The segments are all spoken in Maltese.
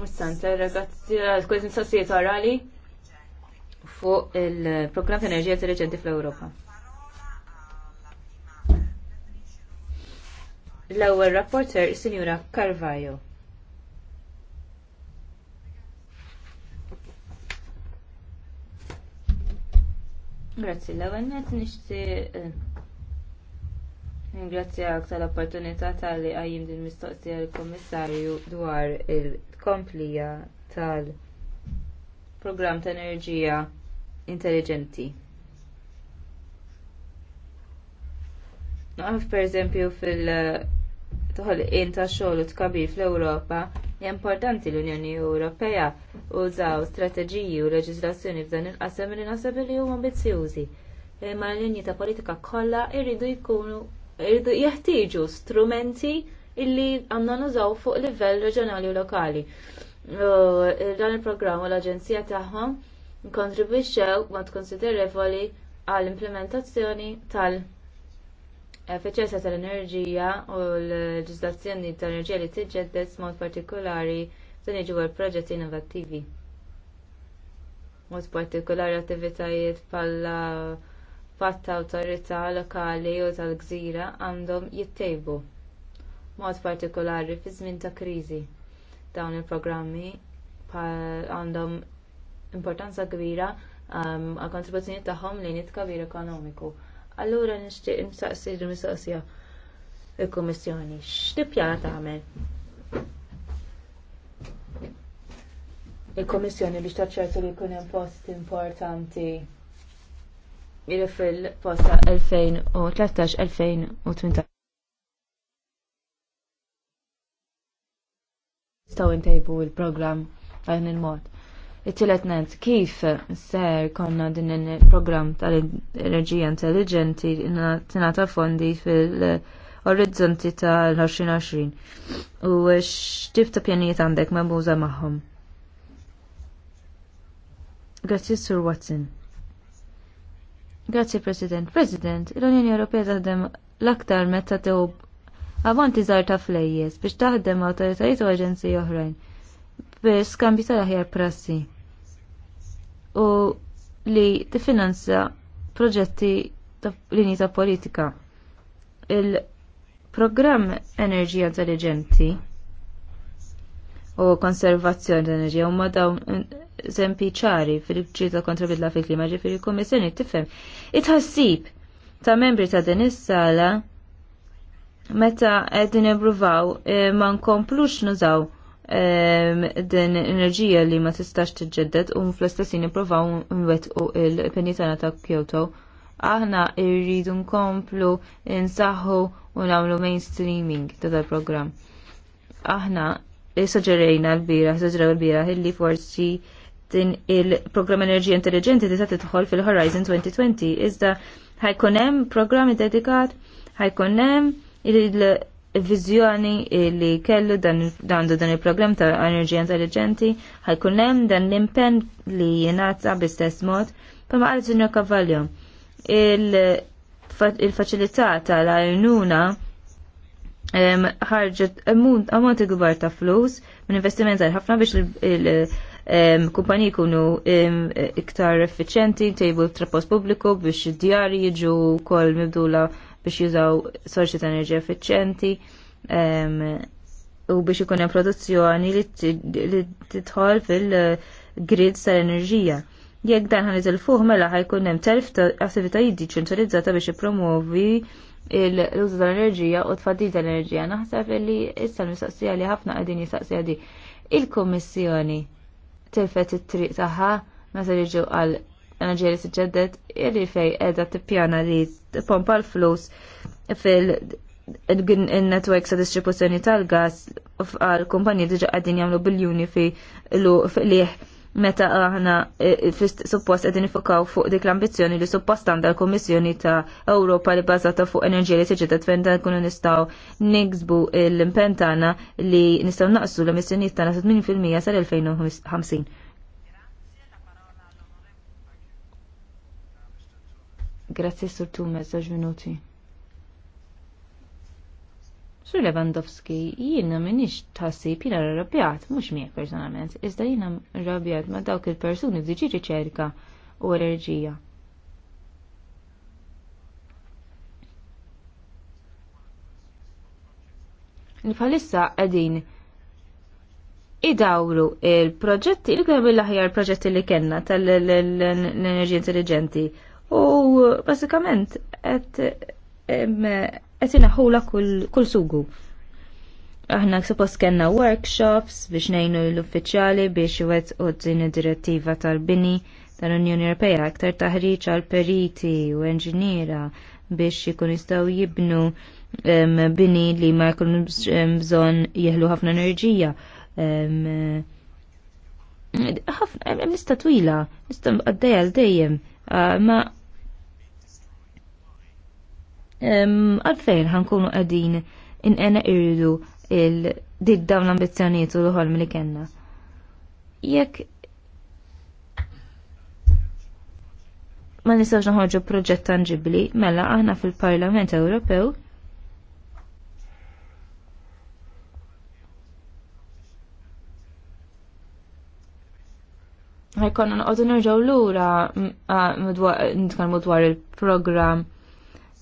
Mussanta, ragazzi, kważi mistoqsijiet orali fuq il-programm ta' enerġija intelligenti fl europa L-ewwel rapporter is-Sinjura Carvajo. Grazzi, l-ewwel net nixti Ringrazzjak tal-opportunità tal-li għajjim din mistoqsija l-Kommissarju dwar il- tkomplija tal-programm ta' enerġija intelligenti. Naqaf pereżempju fil- toħol ta' xogħol u tkabir fl-Ewropa, hija importanti l-Unjoni Ewropea użaw strateġiji u leġiżlazzjoni f'dan il-qasam li naħseb li huma ambizzjużi. Imma l-linji ta' politika kollha jridu jkunu jridu jeħtieġu strumenti illi għanna nużaw fuq livell reġjonali u lokali. Eh, dan il-programm u l-Aġenzija tagħhom kontribwixxew mod konsiderevoli għall implementazzjoni tal- efficienza tal-enerġija u l-ġizlazzjoni tal-enerġija li tiġġedded mod partikolari dan jiġu għal proġetti innovativi. Mod partikolari attivitajiet bħala patta awtorità lokali u tal-gżira għandhom jittejbu mod partikolari fi żmien ta' kriżi. Dawn il-programmi għandhom importanza kbira um, għal kontribuzzjoni tagħhom lejn it-kabir ekonomiku. Allura nixtieq nistaqsi mistoqsija il-Kummissjoni. X'tippjana tagħmel? il kummissjoni biex taċċertu li jkun hemm post importanti jiri fil-posta 2013-2018. nistgħu ntejbu il-programm f'dan il-mod. It-tielet nett kif ser konna din il-programm tal-enerġija intelligenti tingħata fondi fil-orizzonti tal-2020 u x'tip ta' pjanijiet għandek memuża magħhom. Grazzi Sur Watson. Grazzi President. President, l-Unjoni Ewropea taħdem l-aktar meta tew avanti żgħar ta' flejjes biex taħdem awtoritajiet u aġenziji oħrajn biex skambju tal-aħjar prassi u li tiffinanza proġetti ta' linji ta' politika. Il-programm Enerġija Intelligenti u konservazzjoni ta' enerġija huma dawn eżempi ċari fil-ġita kontra bidla fil-klima ġifiri kummissjoni tifhem it ta' membri ta' din is-sala meta qed nipruvaw eh, ma nkomplux nużaw ehm, din enerġija li ma tistax tiġġedded u fl-istess nippruvaw nwettqu il penitana ta' Kyoto. Aħna rridu nkomplu nsaħħu u nagħmlu mainstreaming ta' dal-programm. Aħna suġġerejna l-bira, suġġerew l-bira illi forsi din il-programm enerġija intelligenti tista' tidħol fil-Horizon 2020 iżda ħajkun hemm programmi dedikat, ħajkun hemm il-vizjoni li kellu dan dan il-program ta' enerġija intelligenti ħajkun hemm dan l-impenn li jingħata bl-istess mod bħalma qal Sinjor Cavallo. Il-faċilità tal-għajnuna ħarġet ammonti kbar ta' flus minn investiment ħafna biex il- kumpani kunu iktar effiċenti, tejbu t'rapos publiku biex id-djari jiġu kol mibdula biex jużaw sorsi ta' enerġija effiċjenti u biex ikun hemm produzzjoni li tidħol fil-grids tal-enerġija. Jekk dan ħan fuq mela ħajkun hemm telf ta' attivitajiet diċentralizzata biex ippromovi l-użu tal-enerġija u tfaddil tal-enerġija. Naħseb li issa l-mistaqsija li ħafna qegħdin jistaqsija di. Il-Kummissjoni tilfet it-triq tagħha meta jiġu għal enerġija li tiġġedded illi fej qiegħda tippjana li pompa l-flus fil il sa ta' distribuzzjoni tal-gas għal kumpanji diġa qegħdin jagħmlu biljuni fi liħ meta aħna e, e, suppost qegħdin nifokaw fuq dik l-ambizzjoni li suppost għandha l-Kummissjoni ta' Ewropa li bazzata fuq enerġija li tiġi fejn nkunu nistgħu nigzbu l-impentana li nistgħu naqsu l-emissjonijiet tagħna 80% sal-2050. Grazzi sur Tumes, zaġ minuti. Sur Lewandowski, jiena minix tħassib jiena rabjat, mux mie personalment, iżda jiena rabjat ma dawk il-persuni f'diġi riċerka u enerġija. Nifalissa għedin idawru il-proġetti, il-għabil il proġetti li kena tal-enerġija intelligenti u basikament qed hula kull sugu. Aħna suppost kellna workshops biex ngħinu l-uffiċjali biex u din id-direttiva tal-bini tal-Unjoni Ewropea aktar taħriġ għal periti u enġiniera biex jikun jistgħu jibnu bini li ma jkun bżonn jeħlu ħafna enerġija. Ħafna lista twila, nista' għaddejja għal dejjem, ma għalfejn ħankunu għadin in għena irridu il-did dawn l-ambizjoniet u l-ħolm li kena. Jekk ma nistax naħorġu proġett tangibli, mela aħna fil-Parlament Ewropew ħajkonna nqogħdu nerġgħu lura nitkellmu dwar il-programm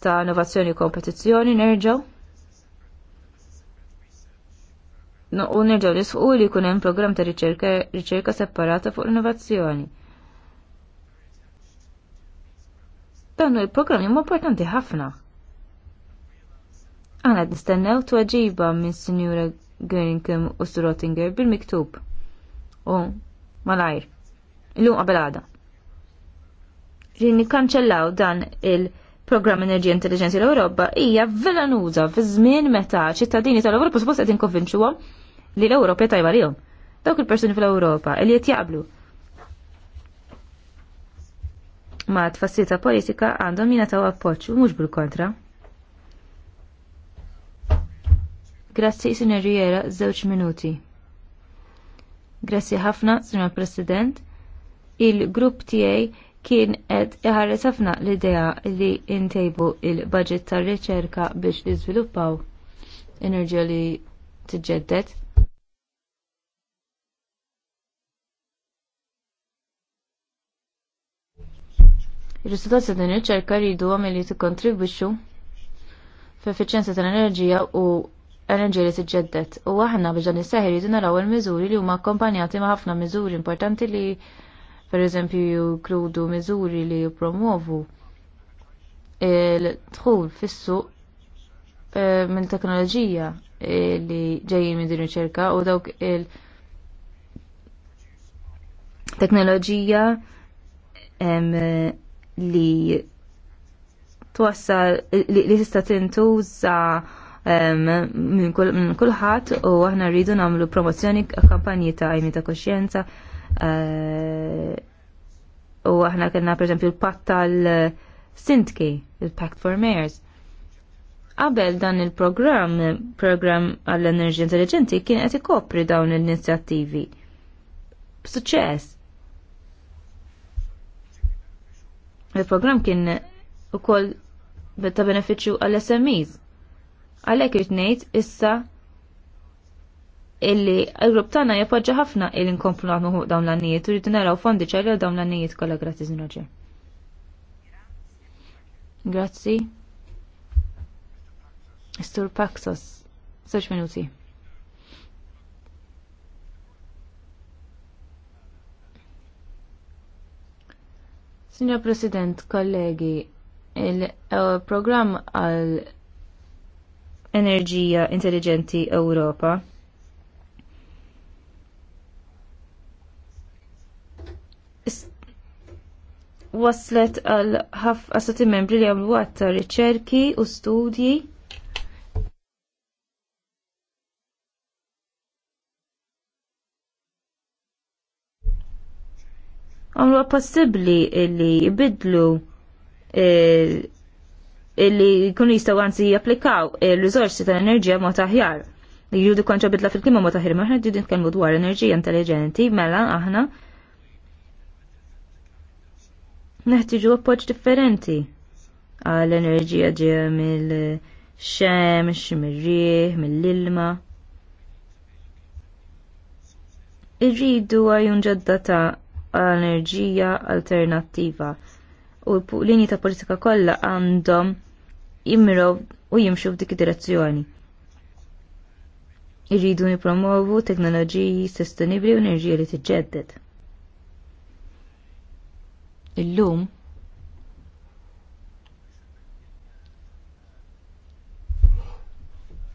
ta' innovazzjoni u kompetizzjoni nerġaw. No, u nerġaw nisfuq li jkun hemm programm ta' riċerka separata fuq innovazzjoni Dan il-programm huma importanti ħafna. Għana nistennew tweġiba minn Sinjura Gerinkem u Srottinger bil-miktub. U malajr. Illum qabel għada. Rini kanċellaw dan il- programm Enerġija Intelligenti l-Ewropa hija velanuża fi żmien meta ċittadini tal-Ewropa suppost qed inkonvinċuhom li l-Ewropa tajba lihom. Dawk il-persuni fl-Ewropa li qed jaqblu ma tfassita politika għandhom jiena taw appoċ u mhux bil-kontra. Grazzi, Sinjeriera, żewġ minuti. Grazzi ħafna, Sinjor President. Il-grupp tiegħi kien qed iħares ħafna l-idea li ntejbu l budget tar-riċerka biex iżviluppaw enerġija li tiġġedded. Ir-risultat ta' din ir-riċerka rridu għamil li tikkontribwixxu fl-effiċjenza tal-enerġija u enerġija li tiġġedded. U aħna biex dan is-seħħ naraw il-miżuri li huma akkompanjati ma' ħafna miżuri importanti li per eżempju jikludu miżuri li jipromovu il-dħul fissu eh, minn teknoloġija eh, li ġejjin minn din riċerka u dawk il- teknoloġija li twassal li tista' tintuża minn kulħadd u aħna rridu nagħmlu promozzjoni kampanji ta' għajmi ta' koxjenza Eh, u aħna kellna esempio il patt tal-Sintki, il-Pact for Mayors. Qabel dan il-programm, programm għall-enerġija intelligenti, kien qed ikopri dawn l-inizjattivi. B'suċċess. Il-programm kien ukoll ta' benefiċċju għall-SMEs. Għalhekk irid ngħid issa illi Ewrop tagħna jappoġġa ħafna illi nkomplu naħdmu dawn l-għannijiet u rridu naraw fondi ċarja dawn l-għannijiet kolla grazzi Roger. Grazzi. Istur Paxos, 6 minuti. Signor President, kollegi, il-programm eh, għal Enerġija Intelligenti Ewropa waslet għal ħafna stati membri li għamlu għatta riċerki u studji għamlu għapassibli li jibidlu li jkunu jistaw għanzi japplikaw il-rizorsi ta' enerġija ma taħjar. Jridu kontra bidla fil kima ma taħjar, ma ħna dwar enerġija intelligenti, mela aħna neħtiġu appoċ differenti għal enerġija ġeja mill-xemx, mir-rieħ, mill-ilma. Irridu għajun ġodda ta' enerġija alternattiva u l-linji ta' politika kollha għandhom jimraw u jimxu f'dik id-direzzjoni. Irridu nipromovu teknoloġiji sostenibbli u enerġija li tiġġedded illum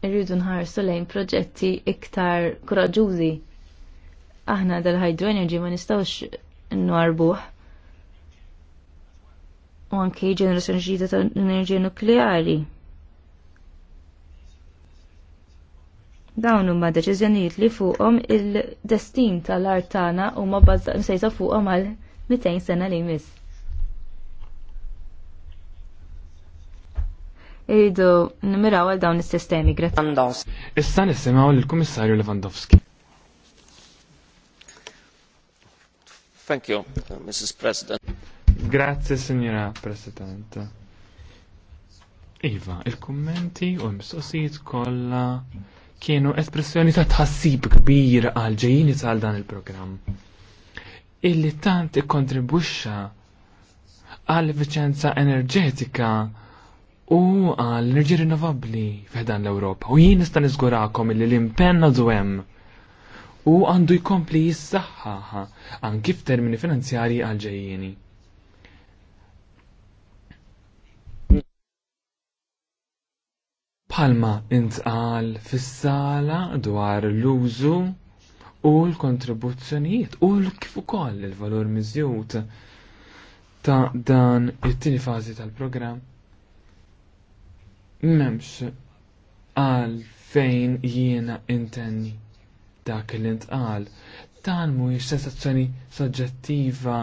irridu nħarsu lejn proġetti iktar kuraġużi. Aħna dal-hydro energy ma nistawx arbuħ. U anke ġenerazzjoni ġdida ta' enerġija nukleari. Dawn huma deċiżjonijiet li fuqhom il-destin tal-art tagħna huma msejsa fuqhom għal 200 sena li jmiss. Iridu nimiraw għal dawn is-sistemi grazzi. Issa nisimgħu lill-Kummissarju Lewandowski. Thank you, Mrs. President. Grazie, signora President. Iva, il-kommenti u l-mistoqsijiet kollha kienu espressjoni ta' tħassib kbir għal ġejjini tal dan il-programm illi tant ikkontribwixxa għal efficienza enerġetika u għal enerġi rinnovabbli f'dan l-Ewropa. U jien nista' niżgurakom illi l-impenn għadu hemm u għandu jkompli jissaħħaħ anki f'termini finanzjarji għal ġejjieni. Palma intqal fis-sala dwar l-użu u l-kontribuzzjonijiet u kif ukoll il-valur miżjud ta' dan it-tieni fażi tal-programm m'hemmx għal fejn jiena intenni dak li ntqal dan mhuwiex sensazzjoni soġġettiva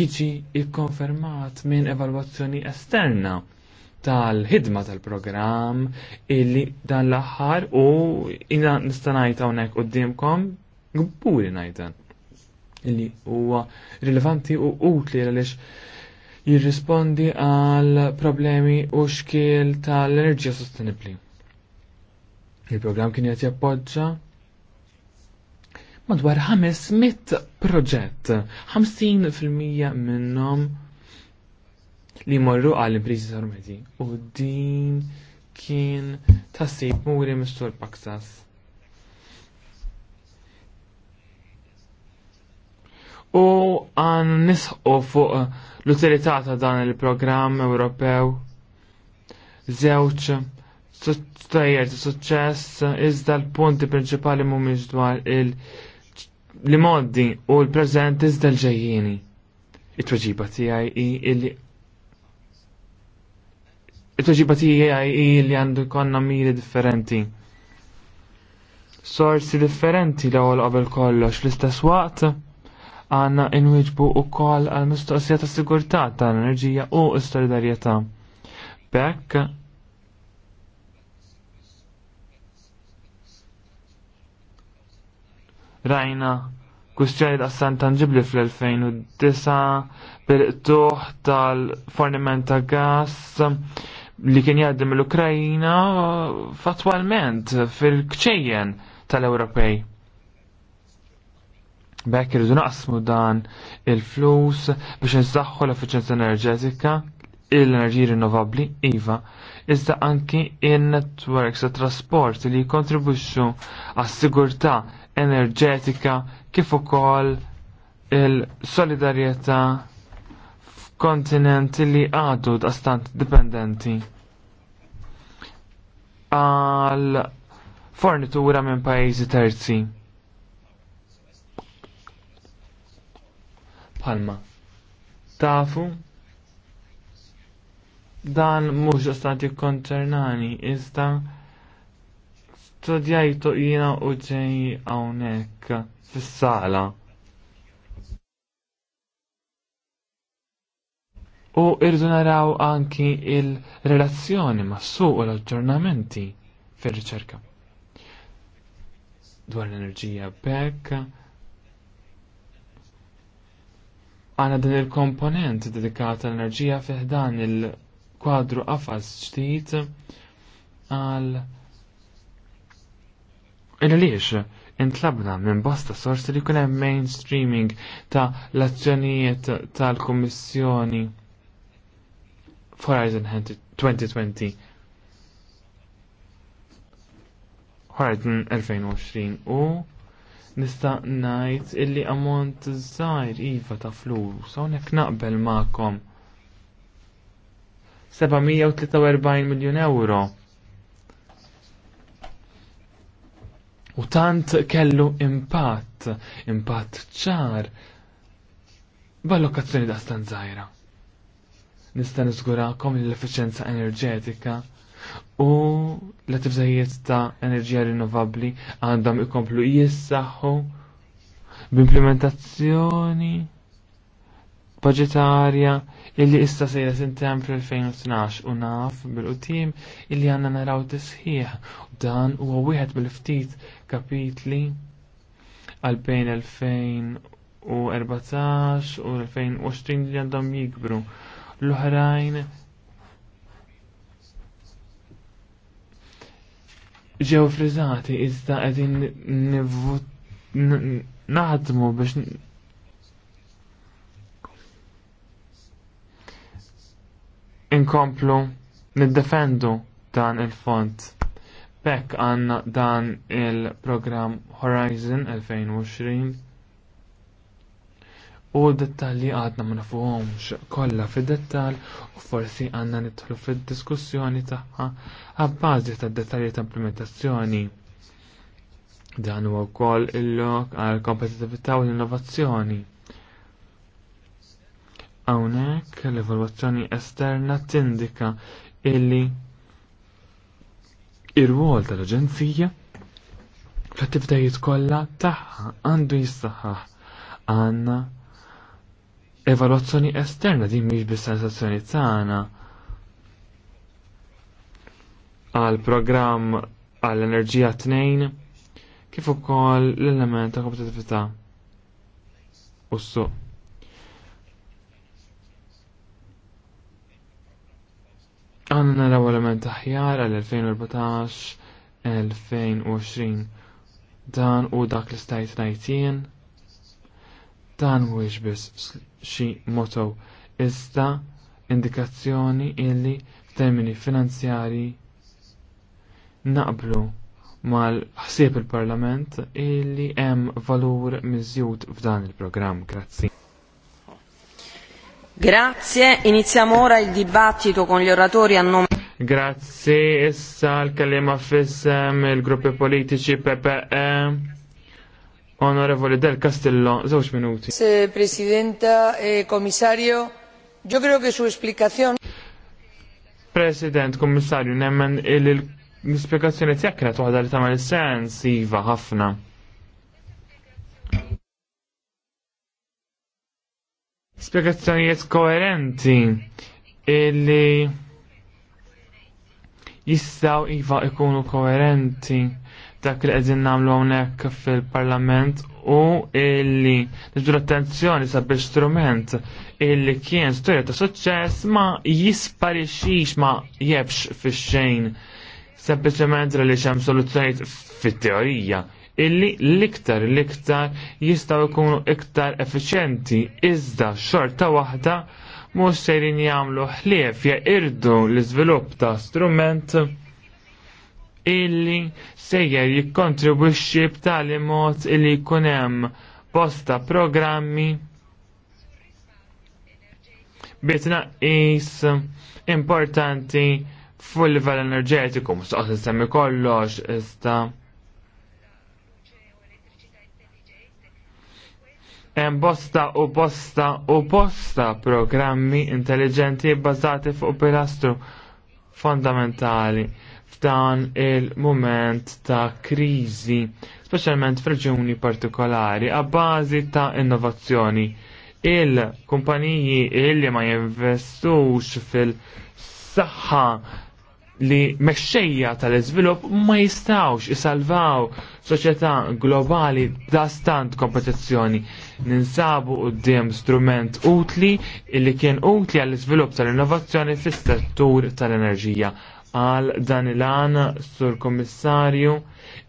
jiġi ikkonfermat minn evalwazzjoni esterna tal-ħidma tal-programm illi dan l-aħħar u ina nistanajta unek u d-dimkom gburi najtan illi huwa rilevanti u utli għalix jirrispondi għal problemi u xkiel tal-enerġija sostenibli. Il-programm kien qed jappoġġa madwar 500 proġett, 50% minnhom li morru għal imprizi sarmedi. U din kien tasib muri mistur Paksas. U għan nisħu fuq l-utilità ta' dan il-programm Ewropew. Zewċ stajjer ta' suċċess iżda l-punti prinċipali mhumiex dwar il- li moddi u l prezent iżda l ġajjini It-tweġiba tiegħi il illi it-tweġiba tiegħi li għandu konna miri differenti. Sorsi differenti l-ewwel qabel kollox fl-istess waqt għanna inwiġbu u koll għal mistoqsija ta' sigurtà tal-enerġija u s-solidarjetà. Bekk rajna kustjoni ta' san tangibli fl-2009 bil-tuħ tal-forniment ta' gas li kien jaddim l-Ukrajina fatwalment fil-kċejjen tal-Ewropej. Bekk irridu naqsmu dan il-flus biex nsaħħu l-efficienza enerġetika, l-enerġiji rinnovabbli, iva, iżda anki in-networks ta' trasport li jikontribwixxu għas-sigurtà enerġetika kif ukoll il-solidarjetà kontinent li għadu stant dipendenti għal fornitura minn pajjiżi terzi. Palma. Tafu? Dan mhux stati konċernani, iżda studjajtu jiena u ġej hawnhekk fis-sala. u irdu naraw anki il-relazzjoni mas-suq u l-aġġornamenti fir-riċerka. Dwar l-enerġija bekk għana din il-komponent dedikata l-enerġija fiħdan il-kwadru qafas ġdid għal il-liex intlabna minn bosta sorsi li kunem mainstreaming ta' l-azzjonijiet tal-Kommissjoni Horizon 2020 Horizon 2020 u nista' ngħid illi ammont żgħir iva ta' flus hawnhekk naqbel ma'kom 743 miljun euro. U tant kellu impatt, impatt ċar, b'allokazzjoni da' stanzajra nista' niżgurakom l-efficienza enerġetika u l-attivżajiet ta' enerġija rinnovabbli għandhom ikomplu jissaħħu b'implementazzjoni budgetarja illi issa sejra sintem fl-2012 u naf bil-qutim illi għanna naraw tisħiħ u dan u għawihet bil-ftit kapitli għal bejn 2014 u 2020 li għandhom jikbru l-oħrajn ġew frizzati iżda qegħdin naħdmu biex inkomplu niddefendu dan il-font. Bekk għanna dan il-program Horizon 2020 u dettalji għadna ma nafuhomx kollha fid-dettall u forsi għandna nidħlu fid-diskussjoni tagħha għabbażi tad-dettalji ta' implementazzjoni. Dan huwa wkoll il-lok għal kompetitività u l-innovazzjoni. Hawnhekk l-evalwazzjoni esterna tindika illi ir wol tal-Aġenzija l attivitajiet kollha tagħha għandu jissaħħaħ għandna evaluazzjoni esterna din mhix bis sensazzjoni tagħna għal programm għall enerġija tnejn kif ukoll l-element ta' kompetitività u s-suq. Għanna naraw element aħjar għal 2014-2020 dan u dak l-istajt najtien. Dan mhuwiex biss xi moto iżda indikazzjoni illi f'termini finanzjari naqblu mal-ħsieb il-Parlament illi hemm valur miżjud f'dan il-programm. Grazzi. Grazie, iniziamo ora il dibattito con gli oratori a nome. Grazie, issa l-kalima fissem il-gruppi politiċi PPM. E. Onorevoli Del Castillo, żewġ minuti. Presidenta, eh, komissario, creo que su explicación. President, komissarju, nemmen l-spiegazzjoni tiegħek kienet waħda li tagħmel sens iva ħafna. Spiegazzjonijiet koerenti illi jistaw iva ikunu koerenti dak li qegħdin nagħmlu hawnhekk fil-Parlament u illi niġdu l-attenzjoni sabiex strument illi kien storja ta' suċċess ma jisparixix ma jebx fix-xejn. Sempliċement li xem soluzzjoniet fit-teorija illi l-iktar l-iktar jistaw ikunu iktar efficienti iżda xorta waħda mhux sejrin jagħmlu ħlief ja irdu l-iżvilupp ta' strument illi sejjer jikkontribwixxi b'tali mod illi jkun hemm bosta programmi bitnaqis importanti fuq livell enerġetiku, mustaqs semmi kollox, iżda hemm bosta u bosta u bosta programmi intelligenti bbażati fuq pilastru fondamentali f'dan il-moment ta' kriżi, speċjalment f'reġuni partikolari, bazi ta' innovazzjoni. Il-kumpaniji li ma jinvestux fil-saħħa li mexxejja tal-iżvilupp ma jistawx isalvaw soċjetà globali da stant kompetizzjoni. Ninsabu qudiem strument utli illi kien utli għall-iżvilupp tal-innovazzjoni fis-settur tal-enerġija għal dan il-għan sur kommissarju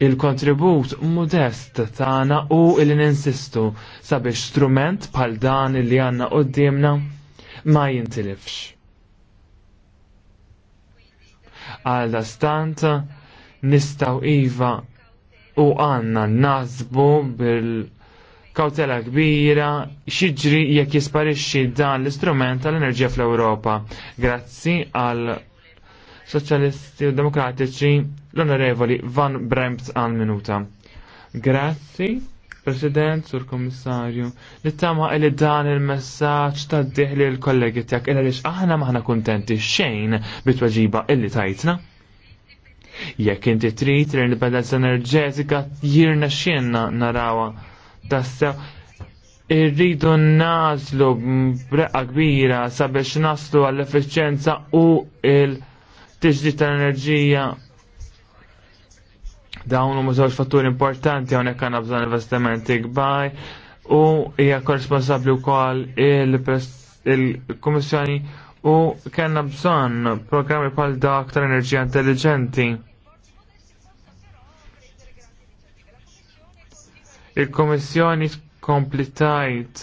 il-kontribut modest tagħna u il ninsistu sabiex strument bħal dan li għanna qoddimna ma jintilifx. Għal stant nistaw iva u għanna nazbu bil kautela kbira xieġri jekk jisparixxi dan l-istrument tal-enerġija fl-Ewropa. Grazzi għal Soċjalisti u Demokratiċi l-Onorevoli Van Bremt għal minuta. Grazzi, President, Sur Kommissarju, nittama tama dan il-messaġġ ta' diħli l-kollegi tiegħek illa lix aħna maħna kuntenti xejn bit illi tajtna. Jekk inti trid l-indipendenza enerġetika jirna xienna narawa tassew irridu nazlu breqqa kbira sabiex naslu għall-efficienza u il- tiġdi tal-enerġija dawn huma żewġ fatturi importanti hawnhekk għandna bżonn investimenti kbar u hija korresponsabbli wkoll il-Kummissjoni u kellna bżonn programmi bħal dak tal-enerġija intelligenti. Il-Kummissjoni kompletajt.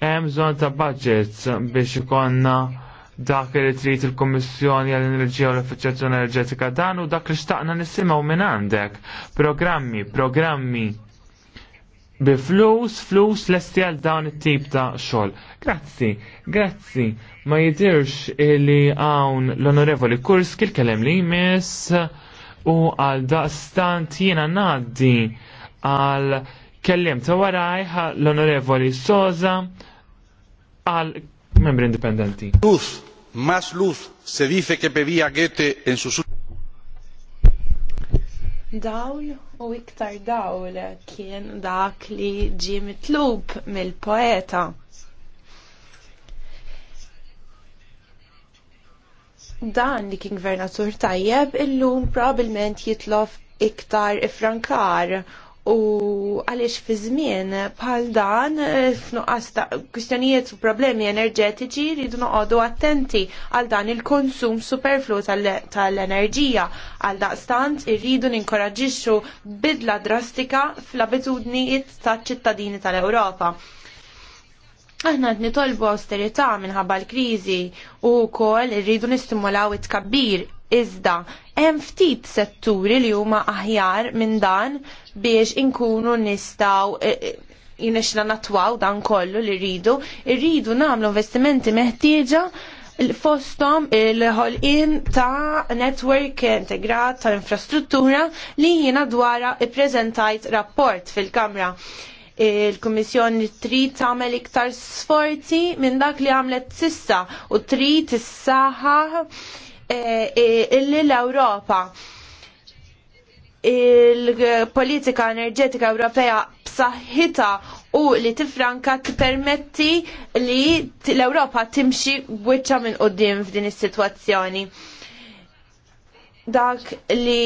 Hemm bżonn ta' budgets biex ikonna dak li trid il-Kummissjoni għall enerġija u l-Effiċjazzjoni Enerġetika dan u dak li xtaqna nisimgħu minn għandek. Programmi, programmi bi flus, flus lesti għal dawn it-tip ta' xogħol. Grazzi, grazzi. Ma jidirx li hawn l-Onorevoli Kurski il-kelem li jmiss u għal stant jiena ngħaddi għal kellem ta' waraj l-Onorevoli Soza għal membri indipendenti. Luz, mas luz, se dice ke pedija Goethe en su su. Dawl u iktar dawl kien dak li ġim tlub mill-poeta. Dan li kien gvernatur tajjeb illum probablement jitlof iktar ifrankar U għaliex fi żmien bħal dan eh, f'nuqqas ta' kwistjonijiet u problemi enerġetiċi rridu noqogħdu attenti għal dan il-konsum superflu tal-enerġija għal daqstant irridu ninkoraġixxu bidla drastika fl-abitudnijiet taċ-ċittadini tal-Ewropa. Aħna qed nitolbu austerità minħabba l-kriżi u wkoll irridu nistimulaw it-tkabbir Iżda, hemm ftit setturi li huma aħjar minn dan biex inkunu nistgħu e, e, jinexna natwaw dan kollu li rridu. Irridu namlu investimenti meħtieġa fostom il-ħolqin ta' network integrat ta' infrastruttura li jiena dwara ippreżentajt rapport fil-Kamra il-Kummissjoni trid tagħmel iktar sforzi minn dak li għamlet sissa u trid tissaħħa Eh, eh, l-Ewropa il-politika enerġetika Ewropea b'saħħitha u li tifranka tippermetti li l-Ewropa timxi wiċċa minn qudiem f'din is-sitwazzjoni. Dak li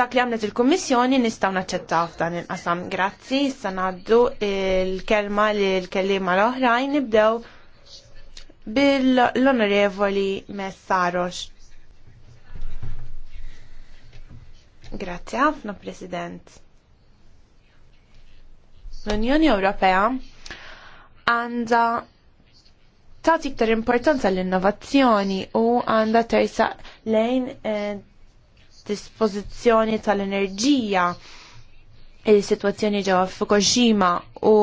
dak li għamlet il-Kummissjoni nistgħu naċċettaw f'dan il-qasam. Grazzi, issa ngħaddu il-kelma li l-kelliema l-oħrajn nibdew bil-Onorevoli Messarox. Grazzi ħafna, President. L-Unjoni Ewropea għandha tagħti iktar importanza l-innovazzjoni u għandha tersaq lejn eh, dispożizzjoni tal-enerġija il-situazzjoni ġewwa Fukushima u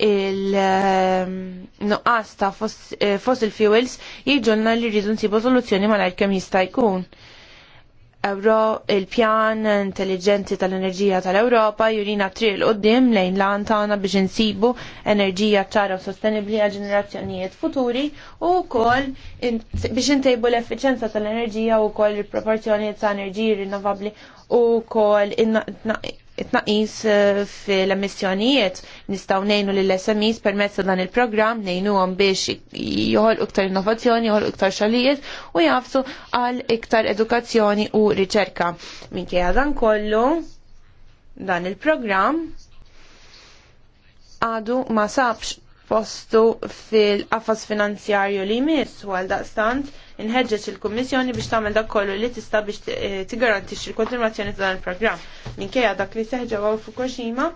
il-nuqqas eh, ta' eh, fossil fuels jgħidulna li rridu nsibu soluzzjoni malajr kemm jista' jkun. Euro, il-pjan intelligenti tal-enerġija tal-Europa jurina triq l-qoddim lejn lan tagħna biex insibu enerġija ċara u sostenibbli għal ġenerazzjonijiet futuri u wkoll biex intejbu l-effiċenza tal-enerġija u wkoll il-proporzjoni ta' enerġiji rinnovabbli u wkoll it-naqis eh, fil-emissjonijiet nistaw nejnu l-SMEs permezz dan il-program nejnu għom biex joħol iktar innovazzjoni, joħol iktar xalijiet u jafsu għal iktar edukazzjoni u riċerka. Minkejja dan kollu dan il-program għadu ma sabx postu fil-qafas finanzjarju li jmiss u għal daqstant inħeġġeġ il-Kummissjoni biex tagħmel dak kollu li tista' biex eh, tigarantixxi il kontinuazzjoni ta' dan il-programm. Minkejja dak li seħġa Fukushima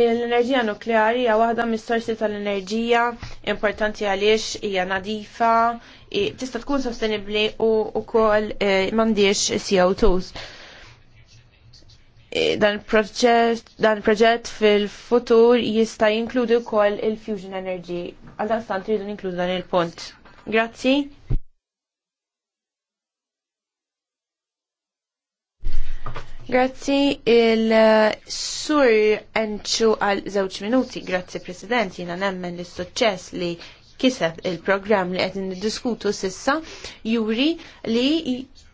L-enerġija nukleari hija waħda mis-sorsi tal-enerġija importanti għaliex hija nadifa, tista' tkun sostenibbli u wkoll eh, m'għandix CO2. Eh, dan il-proġett fil-futur jista' jinkludi wkoll il-fusion energy. Għal stant tridu ninkludu dan il-punt. Grazzi. Grazzi il-sur enċu għal żewġ minuti. Grazzi President, jiena nemmen li suċċess li kiseb il-programm li qed niddiskutu sissa juri li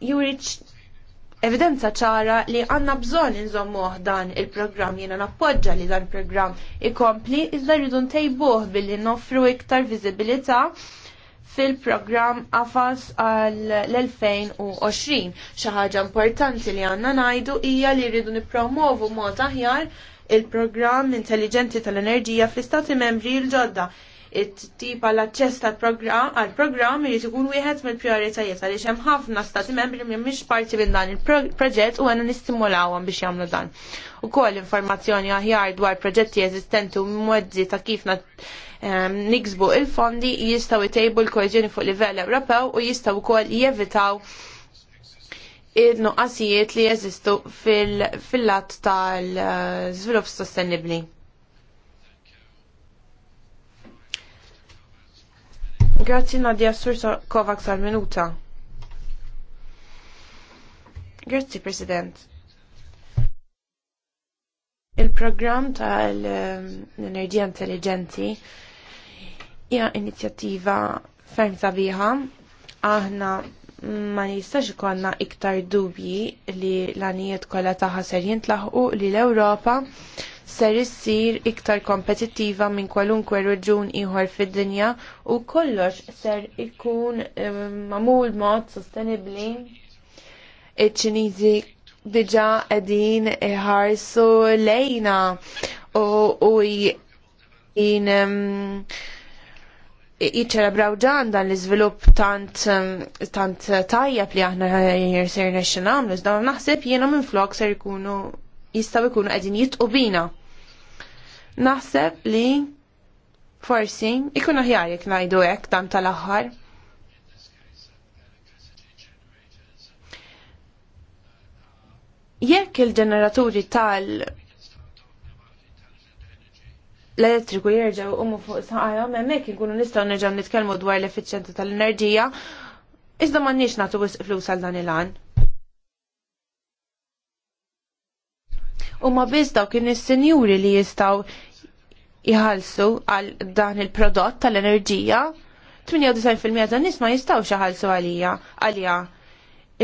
juri evidenza ċara li għanna bżon nżommu dan il-programm jena nappoġġa li dan il-programm ikompli iżda rridu ntejbuh billi noffru iktar viżibilità fil-programm AFAS għal l-2020. ħaġa importanti li għanna najdu hija li rridu nipromovu mod aħjar il-programm intelligenti tal-enerġija fl-istati membri l-ġodda it-tip għal aċċess għal-programm irid ikun wieħed mill-prijoritajiet għaliex hemm ħafna stati membri li mhix parti minn dan il-proġett u għandna nistimulawhom biex jagħmlu dan. Ukoll informazzjoni aħjar dwar proġetti eżistenti u mezzi ta' kif niksbu il-fondi jistgħu jtejbu l-koeġjoni fuq livell Ewropew u jistgħu wkoll jevitaw id-nuqqasijiet li jeżistu fil-lat tal-żvilupp eh, sostenibbli. Grazie Nadia Sursa Kovacs al minuta. Grazie President. Il-programm tal-enerġija intelligenti hija inizjattiva ferm sabiħa aħna ma jistax ikonna iktar dubji li l-għanijiet kollha tagħha ser jintlaħqu li l-Ewropa ser issir iktar kompetittiva minn kwalunkwe reġun ieħor fid-dinja u kollox ser ikun magħmul ehm, mamul mod sostenibbli. Iċ-Ċiniżi diġà qegħdin iħarsu lejna u, jien ehm, jiċċelebraw ġan dan l-iżvilupp tant um, tant tajjeb li aħna jirsir nexxi nagħmlu, iżda naħseb jiena minn flok ser jkunu jistgħu jkunu qegħdin jitqu bina. Naħseb li forsi ikun aħjar jekk ngħidu hekk dan tal-aħħar. Jekk il-ġeneraturi tal-, il ġeneraturi tal l-elettriku jirġaw umu fuq saqajom, emmek nkunu nistaw nerġaw nitkelmu dwar l effiċjenza tal-enerġija, iżda m'għandniex nix natu flus għal dan il-għan. U ma biz daw kien is-senjuri li jistaw jħalsu għal dan il-prodott tal-enerġija, 98% tan nies ma jistawx jħalsu għalija għalija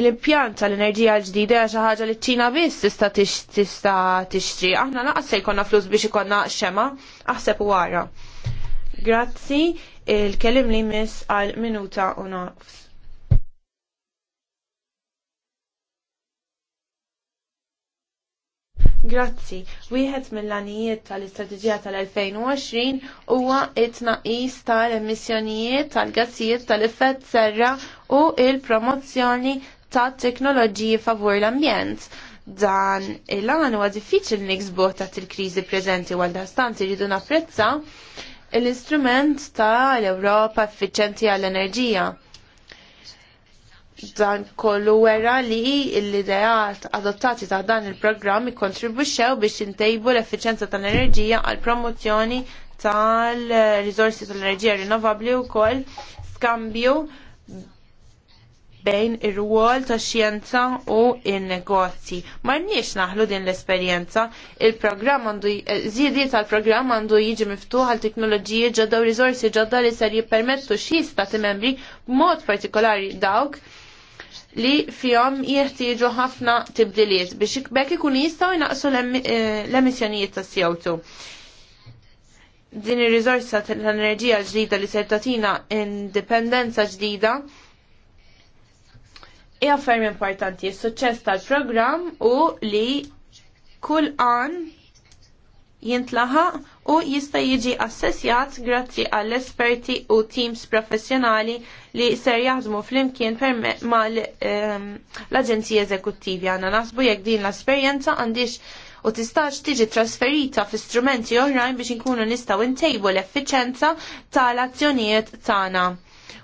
l-impjant tal-enerġija l-ġdida xi ħaġa li ċina biss tista' tista' tixtri. Aħna naqas se jkollna flus biex ikollna xema, aħseb wara. Grazzi, il-kelim li miss għal minuta u nofs. Grazzi. Wieħed mill-għanijiet tal-istrateġija tal-2020 huwa it-tnaqqis tal-emissjonijiet tal-gassijiet tal-effett serra u il-promozzjoni ta' teknoloġiji favur l-ambjent. Dan il-għan huwa diffiċli niksbot ta' il-kriżi preżenti għal dastant irridu napprezza l-istrument ta' l-Ewropa effiċenti għall-enerġija. Dan kollu wera li l-ideat adottati ta' dan il-programm ikkontribwixxew biex intejbu l-effiċenza tal-enerġija għal promozzjoni tal-riżorsi tal-enerġija rinnovabbli wkoll skambju bejn ir-rwol tax xjenza u n negozji Ma rniex naħlu din l-esperjenza, il-programm għandu żiedi eh, tal-programm għandu jiġi miftuħ għal teknoloġiji ġodda u riżorsi ġodda li ser jippermettu xi stati membri b'mod partikolari dawk li fjom jieħtieġu ħafna tibdiliet biex ikbek ikun jistgħu jnaqsu eh, l-emissjonijiet ta' CO2. Din ir-riżorsa tal-enerġija ġdida li ser tatina indipendenza ġdida hija ferm importanti s-suċċess tal-programm u li kull an jintlaħaq u jista' jiġi assessjat grazzi għall esperti u teams professjonali li ser jaħdmu flimkien mal ehm, l-Aġenziji Eżekuttivi għandna naħsbu jekk din l esperienza għandix u tistax tiġi trasferita fi strumenti oħrajn biex inkunu nistgħu ntejbu l-effiċenza tal-azzjonijiet tagħna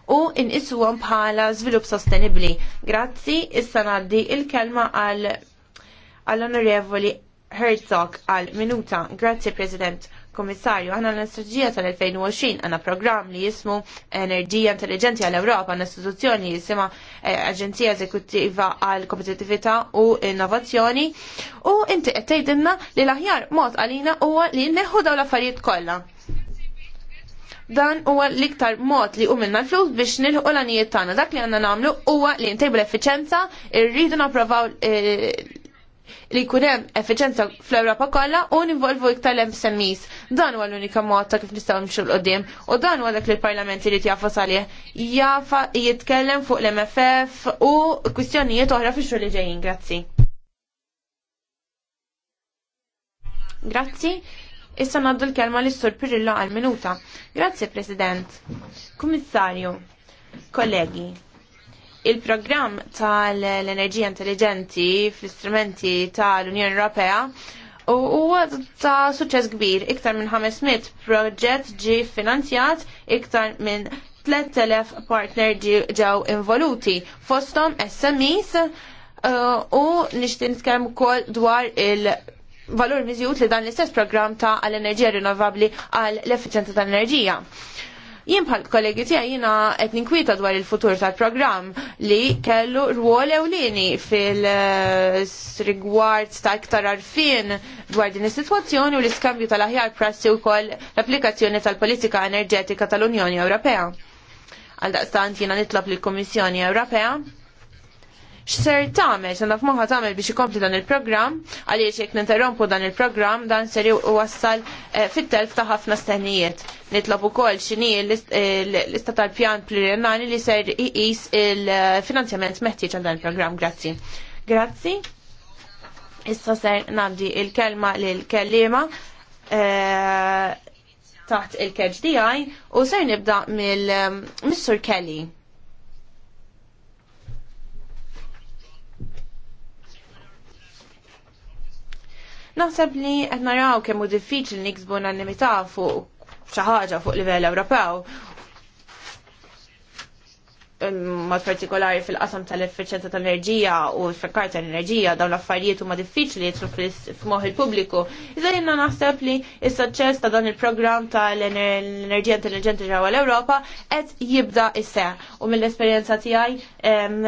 u inqisuhom bħala żvilupp sostenibbli. Grazzi, issa ngħaddi il-kelma għal għall-Onorevoli Herzog għal minuta. Grazzi President Komissarju, għana l-istraġija tal-2020 għana program li jismu Enerġija Intelligenti għall europa għana istituzzjoni jisima eh, Aġenzija Eżekuttiva għal Kompetitività u Innovazzjoni u inti għettajdinna li l-aħjar mod għalina huwa li neħu daw l-affarijiet kollha Dan huwa l-iktar mod li umilna l-flus biex nilħu l-għanijiet tagħna. Dak li għandna nagħmlu huwa li ntejbu l-effiċenza, irridu napprovaw eh, li jkun hemm effiċenza fl-Ewropa kollha u nivolvu iktar l-MSMEs. Dan huwa l-unika mod ta' kif nistgħu nimxu l qoddim u dan huwa dak li l-Parlament irid jafas għalih. Jafa jitkellem fuq l-MFF u kwistjonijiet oħra fi xhur li ġejjin. Grazzi. Grazzi. Issa naddu l-kelma l sur Pirillo għal minuta. Grazzi, President. Kummissarju, kollegi, il-programm tal-enerġija intelligenti fl-istrumenti tal-Unjoni Ewropea u ta' suċċess kbir. Iktar minn 500 proġett ġi finanzjat, iktar minn 3000 partner ġew involuti. Fostom SMEs uh, u nishtin nitkellem ukoll dwar il- valur miżjut li dan l-istess programm ta' għall-enerġija rinnovabbli għall l-effiċenza tal-enerġija. Jien bħal kollegi tiegħi jiena qed ninkwita dwar il-futur tal-programm li kellu rwol ewlieni fil-rigward ta' iktar arfin dwar din is-sitwazzjoni u l-iskambju tal-aħjar prassi wkoll l-applikazzjoni tal-politika enerġetika tal-Unjoni Ewropea. Għaldaqstant jiena nitlob lill kummissjoni Ewropea x'ser tagħmel, se naf moħħa tagħmel biex ikompli dan il-programm, għaliex jekk ninterrompu dan il-programm dan ser wassal eh, fit-telf ta' ħafna stennijiet. Nitlob ukoll x'inhi l-lista eh, tal-pjan pluriennali li ser iqis il-finanzjament meħtieġ għal dan il-programm. Grazzi. Grazzi. Issa ser nabdi il-kelma lil kellima eh, taħt il-kedġ u ser nibda mill-Mr. Kelly. Naħseb li qed naraw kemm hu diffiċli niksbu unanimità fuq xi ħaġa fuq livell Ewropew mod partikolari fil-qasam tal-effiċenza tal-enerġija u fil-karta tal-enerġija dawn l-affarijiet huma diffiċli jitru f'moħħ il-pubbliku. Iżda jiena naħseb li s-suċċess ta' dan il-programm tal-enerġija intelligenti ġewwa l-Ewropa qed jibda isseħ u mill-esperjenza tiegħi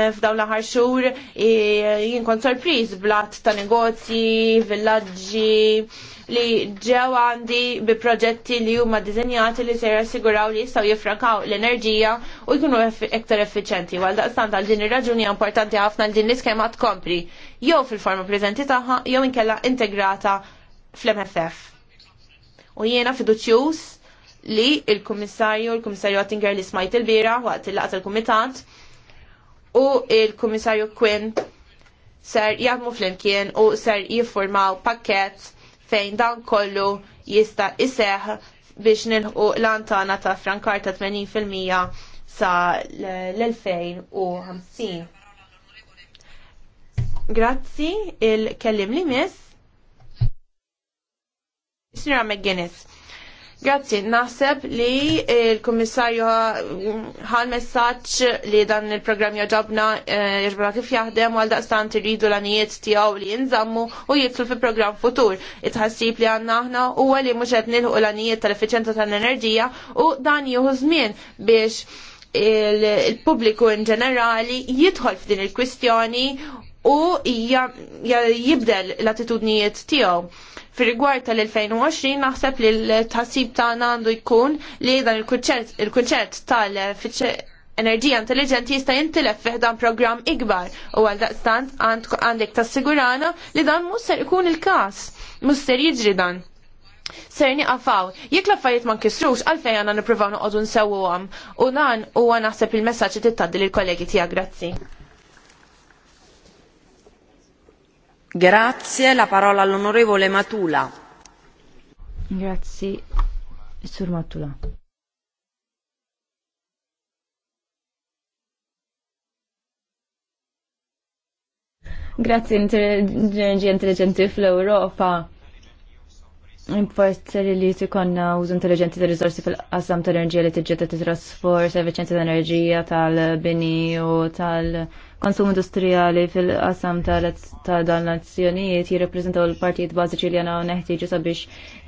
f'dawn l-aħħar xhur jien kont sorpriż blat ta' negozji, villaġġi li ġew għandi bi proġetti li huma diżenjati li se jassiguraw li jistgħu jifrakaw l-enerġija u jkunu iktar effiċenti importanti, għal daqstant għal din ir-raġuni importanti ħafna l din l-iskema tkompri, jew fil-forma preżenti tagħha jew inkella integrata fl-MFF. U jiena fiduċjus li il-Kummissarju, il-Kummissarju Attinger li smajt il-bira waqt il laqt il-Kumitat u il-Kummissarju Quinn ser jaħdmu fl-imkien u ser jiffurmaw pakket fejn dan kollu jista' iseħ biex nilħu l-antana ta' Frankarta 80% sa l-2050. Grazzi, il-kellim li miss. Signora McGuinness. Grazzi, naħseb li il-Komissarju ħal messaċ li dan il-programm jaġabna eh, jirba kif jaħdem għal daqstan rridu l-anijiet tijaw li jinżammu u jitlu fi programm futur. Itħassib li għanna ħna u għalli muxet nilħu l-anijiet tal-efficienza tal-enerġija u dan juhu żmien biex il-pubbliku in ġenerali jidħol f'din il-kwistjoni u jibdel l-attitudnijiet tiegħu. Fir-rigward tal-2020 naħseb li l-tħassib tagħna għandu jkun li dan il-kunċett tal enerġija intelligenti jista' jintilef fih dan programm ikbar u għal daqstant għandek tassigurana li dan mhux ser ikun il-każ, mhux ser jiġri dan ser niqafaw. Jekk l-affarijiet ma għalfej għalfejn għandna nippruvaw noqogħdu għam, U dan huwa naħseb il-messaġġ li tittaddi lill-kollegi tija, grazzi. Grazie, la parola all'onorevole Matula. Grazie, Sur Matula. Grazie, intelligenti fl-Europa Importeri li tikonna użu intelligenti ta' risorsi fil-qasam tal-enerġija li t titrasfor, serviċenti ta' enerġija tal-bini u tal-konsum industrijali fil-qasam tal-nazzjonijiet jirrepreżentaw l-partijiet bażiċi li għana neħtieġu sabiex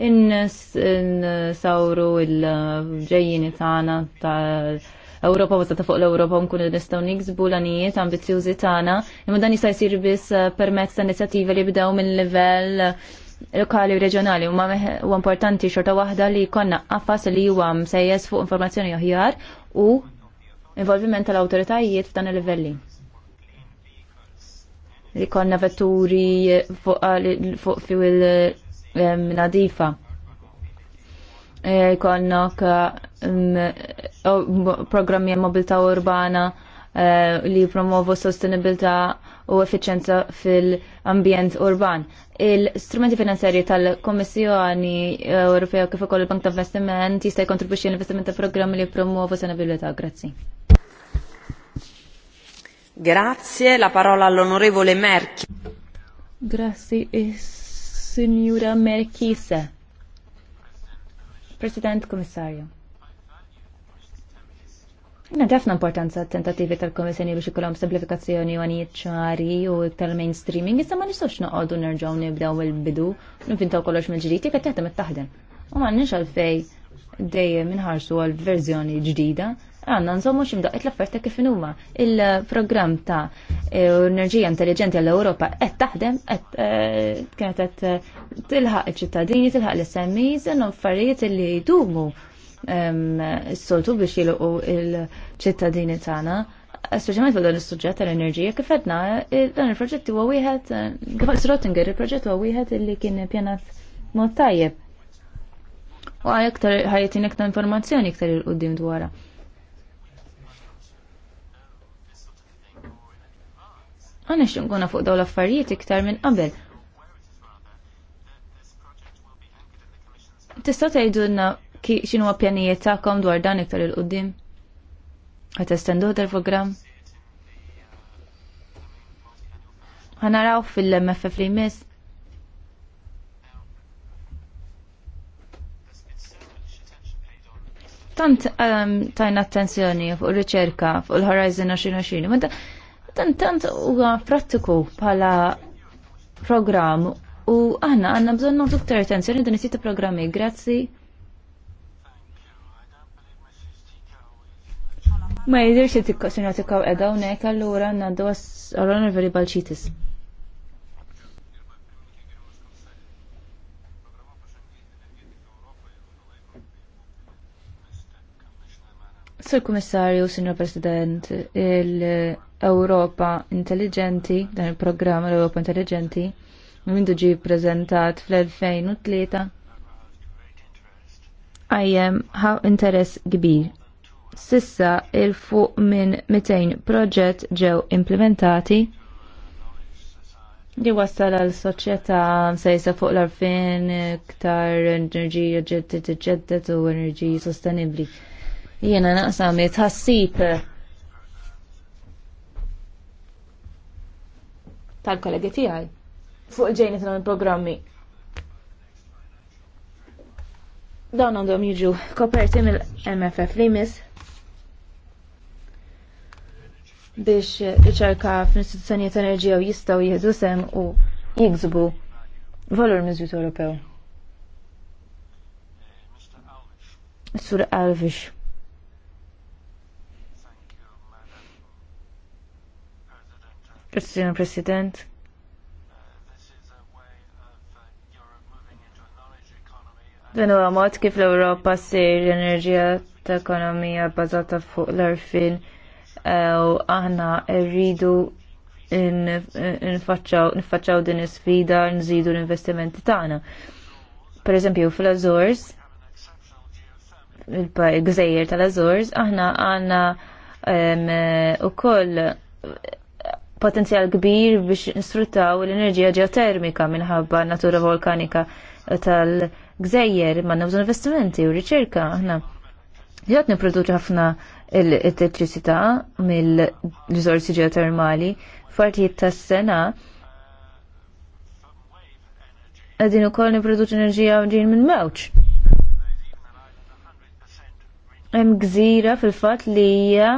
in-sawru il-ġejjini tagħna tal- Ewropa ta' fuq l-Ewropa nkunu nistgħu niksbu l-anijiet ambizjużi tagħna, imma dan jista' jsir biss permezz ta' inizjattivi li bdew minn livell lokali u reġjonali huma u importanti xorta waħda li jkollna affas li huwa msejjes fuq informazzjoni oħjar u involviment tal-awtoritajiet f'dan il-livelli. Li konna vetturi fuq fi il-nadifa. E, konna programmi mobilità urbana e, li promuovu sostenibilità u effiċenza fil-ambjent urban. Il-strumenti finanzjarji tal-Kommissjoni Ewropea kif ukoll il-Bank ta' Investiment jista' jkontribwixxi l-investiment ta' programmi li promuovu sanabilità. Grazzi. Grazie, la parola all'onorevole Merchi. Grazie, eh, signora Merchise. President Commissario. N'a ħafna importanza tentativi tal-Komissjoni biex ikollhom semplifikazzjoni u għanijiet ċari u iktar mainstreaming, issa ma nistgħux noqogħdu nerġgħu nibdew il-bidu, nifintaw kollox mill-ġdid jekk qed taħdem it-taħdem. U m'għandniex għalfej dejjem inħarsu għal verżjoni ġdida, għandna nżommu x'imdaqqiet l-offerta kif huma. Il-programm ta' enerġija intelligenti għall-Ewropa qed taħdem qed eh, kienet qed tilħaq iċ-ċittadini, tilħaq l-SMEs, affarijiet li jdumu s-soltu biex jilqu il-ċittadini tagħna. Speċjalment fuq dan is-suġġett tal-enerġija kif għedna dan il-proġett huwa wieħed kif Rottinger il-proġett huwa wieħed illi kien pjanat mod tajjeb. U għaj aktar ħajetin aktar informazzjoni aktar il-qudiem dwarha. Għana xinguna fuq daw l-affarijiet iktar minn qabel. Tista' tgħidulna xinu għapjanijiet ta'kom dwar dan iktar il-qoddim? Għat estendu il program Għanaraw fil-MFF li jmiss? Tant ehm, tajna attenzjoni fuq riċerka fuq il-Horizon 2020, ma tant tant huwa prattiku bħala programm u aħna għandna bżonn nagħtu ktar attenzjoni dan it-programmi. Grazzi. Ma jidirx li tikkassina tikkaw edha unek, allura nandu għas għallon veri balċitis. Sur Kummissarju, Signor President, l-Europa Intelligenti, dan il-programm l-Europa Intelligenti, mindu ġi prezentat fl-2003, għajem ħaw interess gbir. Sissa il-fuq minn 200 proġett ġew implementati li wassal għal soċjetà msejsa fuq l-arfin iktar enerġija ġeddet ġeddet u enerġiji sostenibbli. Jiena naqsam jitħassib tal-kollegi tiegħi fuq il-ġejjni ġejni tal programmi Dawn għandhom jiġu koperti mill-MFF li miss biex riċerka fl-istituzzjonijiet enerġija u jistgħu jieħdu sem u jiksbu valur miżjut Ewropew. Sur Alvish. Grazie, President. Dan huwa mod kif l-Ewropa ssir enerġija ta' ekonomija bbażata fuq l-arfin u aħna rridu nfaċċaw din is-sfida nżidu l-investimenti tagħna. Per eżempju fil-Azores, il-gżejjer tal-Azores, aħna għandna ukoll potenzjal kbir biex nsfruttaw l-enerġija ġeotermika minħabba natura volkanika tal-gżejjer ma' nabżu investimenti u riċerka aħna Jgħat niproduċi ħafna l-elettriċità mill-rizorsi ġeotermali ta' tas-sena għadin u koll niproduċi enerġija ġin minn mewċ. Hemm gżira fil-fatt li hija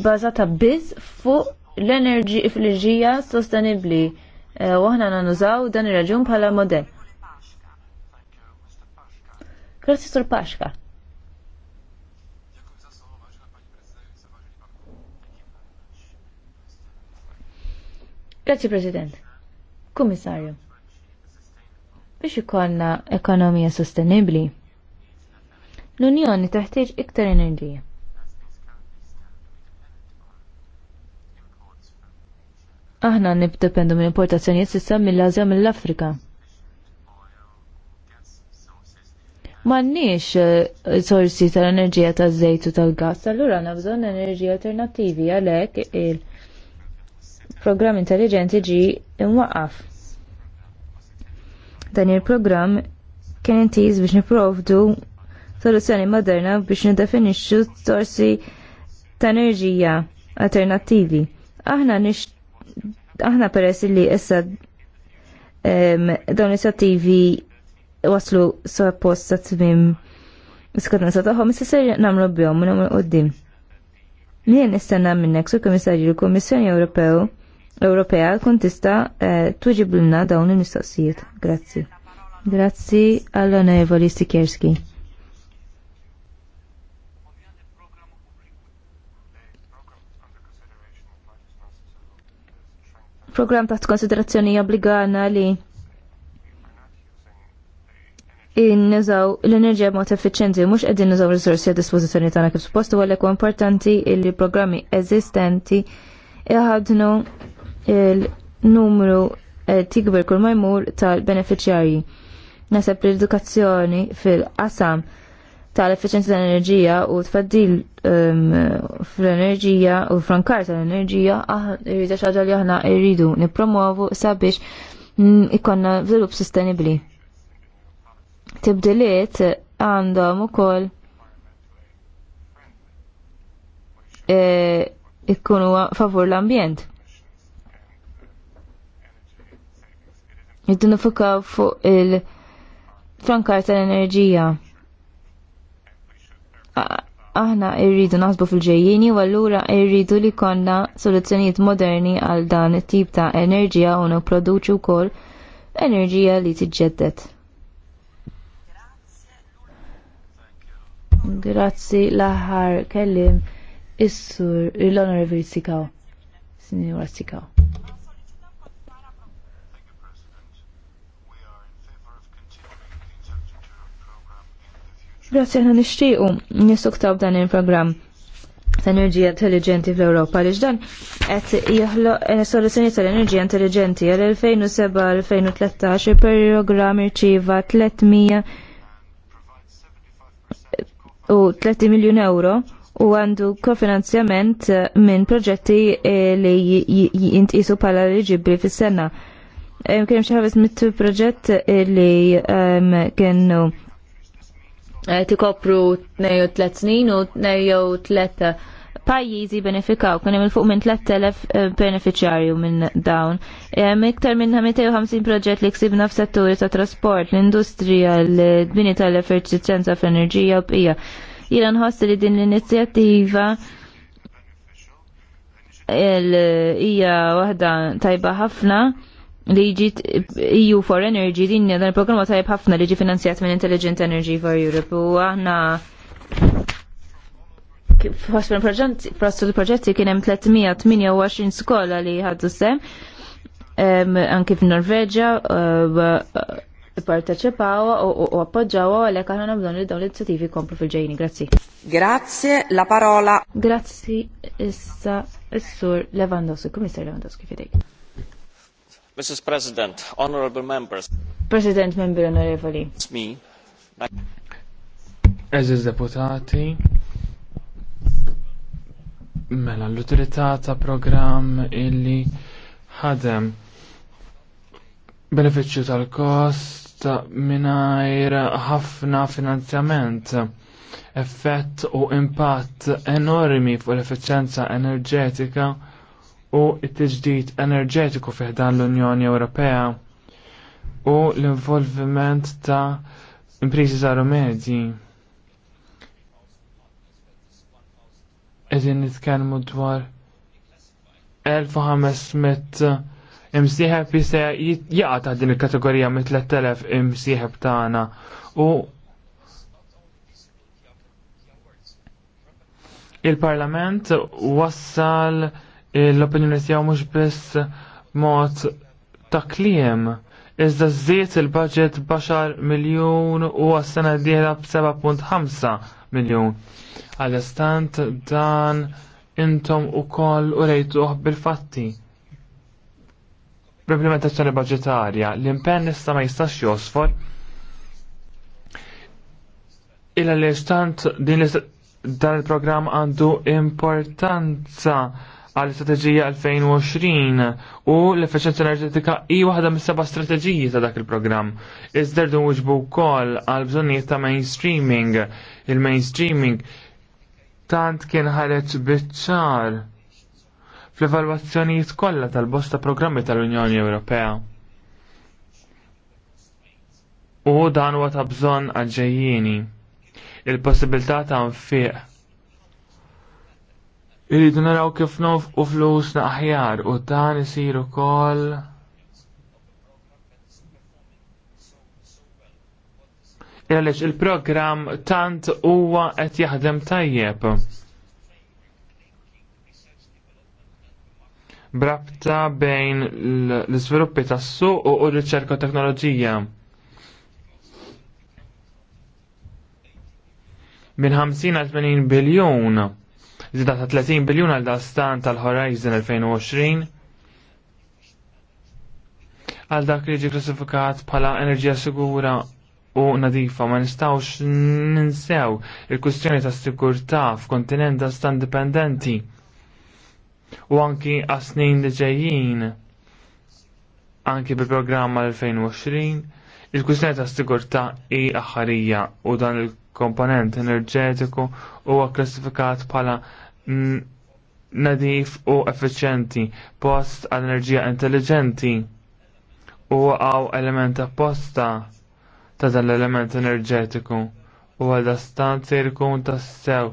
bbażata biss fuq l-enerġija sostenibbli eh, u aħna nanużaw dan ir-raġun bħala modell. Grazzi Sur Paxka. Grazie President. Kummissarju. Biex ikollna ekonomija sostenibbli, l-Unjoni teħtieġ iktar enerġija. Aħna nibdependu minn importazzjonijiet sissa mill-Azja mill-Afrika. M'għandniex eh, sorsi tal-enerġija tal-żejt u tal-gas, allura għandna bżonn enerġija alternattivi għalhekk il- programm intelligenti ġi imwaqqaf. Dan il-programm kien intiż biex niprovdu soluzzjoni moderna biex nidefinixxu sorsi ta' enerġija alternattivi. Aħna nix aħna peress li issa dawn is-sattivi waslu suppost ta' tmim iskatna sa tagħhom issa ser nagħmlu bihom minn qudiem. Nien nistenna minnek su Kummissarju l-Kummissjoni Ewropew Ewropea kun tista eh, tuġib lilna dawn il-mistoqsijiet. Grazzi. Grazzi għall-onorevoli Sikerski. program taħt konsiderazzjoni obbligana li inniżaw l-enerġija mod effiċenti mhux qegħdin niżaw risorsi għad dispożizzjoni tagħna kif suppost u għalhekk importanti li programmi eżistenti iħadnu il-numru eh, tikber kull ma jmur tal-beneficjarji. Nasab l-edukazzjoni fil-qasam tal-efficienza tal-enerġija u tfaddil ehm, fl-enerġija u frankar tal-enerġija irrida xaġa li aħna irridu nipromovu sabiex ikonna żvilupp sostenibli. Tibdiliet għandhom ukoll eh, ikkunu favur l-ambjent. Nidentifikaw fuq il-frankar tal-enerġija. Aħna irridu naħsbu fil-ġejjini u allura irridu li konna soluzzjonijiet moderni għal dan it-tip ta' enerġija u nipproduċi wkoll enerġija li tiġġedded. Grazzi l-aħħar kellim is-sur l-onorevoli Sikaw. Signora Sikaw. Grazzi ħna nixtiequ nisuktaw dan il-programm ta' enerġija intelligenti fl-Ewropa li dan qed jaħloq eh, soluzzjoni tal-enerġija intelligenti għal 2007-2013 il-programm irċieva 300 u 30 miljun euro u għandu kofinanzjament minn proġetti eh, li jintqisu pala liġibli fis-sena. Eh, kien xi ħares mit proġett li ehm, kienu Eh, tikopru nejo 3 snin u 2-3 eh, pajjiżi benefikaw, kien hemm fuq minn 3000 eh, beneficjarju minn dawn. Iktar minn 250 proġett li ksibna f'setturi ta' trasport, l-industrija, l-bini tal-efficienza f'enerġija enerġija u bqija. Jiena nħossi li din l-inizjattiva hija waħda tajba ħafna liġi EU for Energy din dan il-programma tajb ħafna liġi finanzjat minn Intelligent Energy for Europe u għahna fosfin proġetti proġetti kien hemm 328 skola li ħaddu sem anki f'Norveġa e, parteċipaw u appoġġaw għalek għahna nabżon li dawn l inizjativi kompru fil-ġejni. Grazzi. Grazie, la parola. Grazzi issa s-sur Lewandowski, Kummissar Lewandowski fidejk. Mrs. President, honorable members. President, membri onorevoli. Eżiz deputati, mela l-utilità ta' program illi ħadem beneficju tal-kost minajr ħafna finanzjament effett u impatt enormi fuq l-efficienza enerġetika u it-tiġdid enerġetiku fiħdan l-Unjoni Ewropea u l-involviment ta' imprizi zaru medji. Qegħdin nitkellmu dwar 1500 imsieħeb jista' jaqa' ta' din il-kategorija me 3000 imsieħeb tagħna u il-Parlament wassal l-opinjoni tiegħu mhux biss mod ta' klijem. Iżda żiet il-budget baxar miljun u għas-sena d-dieħla b-7.5 miljun. Għal-istant dan intom u koll u rejtuħ bil-fatti. Implementazzjoni budgetarja, l-impenn issa ma jistax josfor. Illa l-istant din dan il-programm għandu importanza għal strateġija 2020 u l-efficienza enerġetika hi waħda mis-seba' strateġiji ta' dak il-programm. Iżder dun wieġbu wkoll għal bżonnijiet ta' mainstreaming. Il-mainstreaming tant kien ħareġ biċ-ċar fl-evalwazzjonijiet kollha tal-bosta programmi tal-Unjoni Ewropea. U dan huwa ta' bżonn għal ġejjieni. Il-possibilità ta' nfiq Irridu naraw kif nof u flus aħjar u dan isir ukoll Għalix il-programm tant huwa qed jaħdem tajjeb. Brabta bejn l-iżviluppi tas-suq u r-riċerka teknoloġija. Minn 50 għal 80 biljun zida ta' 30 biljun għal dastan tal-Horizon 2020 għal dak li ġi klassifikat bħala enerġija sigura u nadifa ma nistawx ninsew il-kustjoni ta' sigurtà f'kontinent dastan dipendenti u anki għasnin li ġejjin anki bil-programma l-2020 il-kustjoni ta' sigurtà i aħħarija u dan il komponent enerġetiku huwa klassifikat bħala nadif u effiċjenti, post għal enerġija intelligenti u għaw element apposta ta' dan l-element enerġetiku u għal stanzi jkun tassew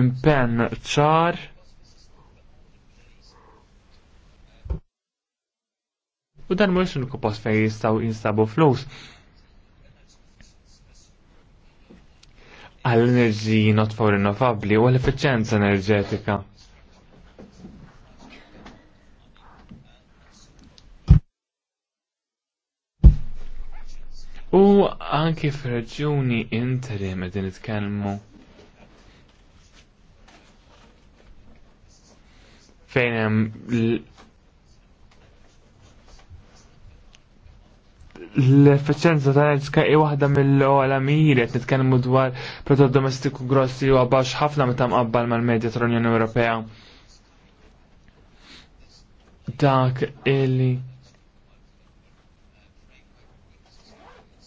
impenn ċar u dan mux nukupos fej jistaw jinstabu flus għall-enerġiji not for rinnovabbli u l efficienza enerġetika. U anki f'raġuni interim din itkellmu fejn hemm l-efficienza tal ġka i waħda mill-ola miri qed nitkellmu dwar prodott domestiku grossi u għabax ħafna meta mqabbal mal-medja tal-Unjoni Ewropea. Dak illi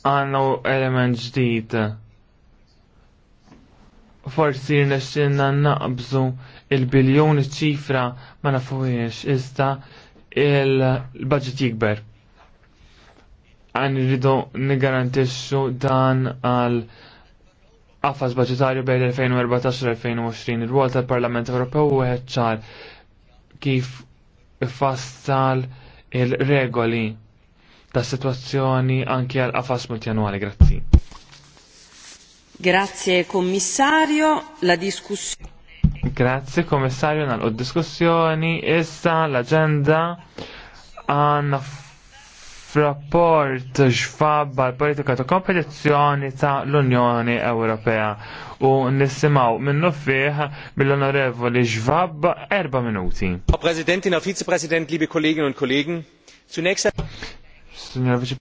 għanna element ġdid. Forsi rnexxinna naqbżu il-biljoni ċifra ma nafuħiex, iżda il-budget jikber għan rridu nigarantissu dan għal għafas budgetarju bejn 2014-2020 il-rwol tal-Parlament Ewropew u ċar kif ifassal il-regoli ta' situazzjoni anki għal għafas multianuali. Grazzi. Grazie Commissario, la discussione. Grazie Commissario, nal diskussjoni issa l-agenda għanna frapport ġfab għal-politika ta' kompetizzjoni ta' l-Unjoni Ewropea u nissimaw minnu fih mill-onorevoli ġfab erba minuti. Pa' prezidentina, Herr Vizepräsident, liebe Kolleginnen und Kollegen, zunächst... Signora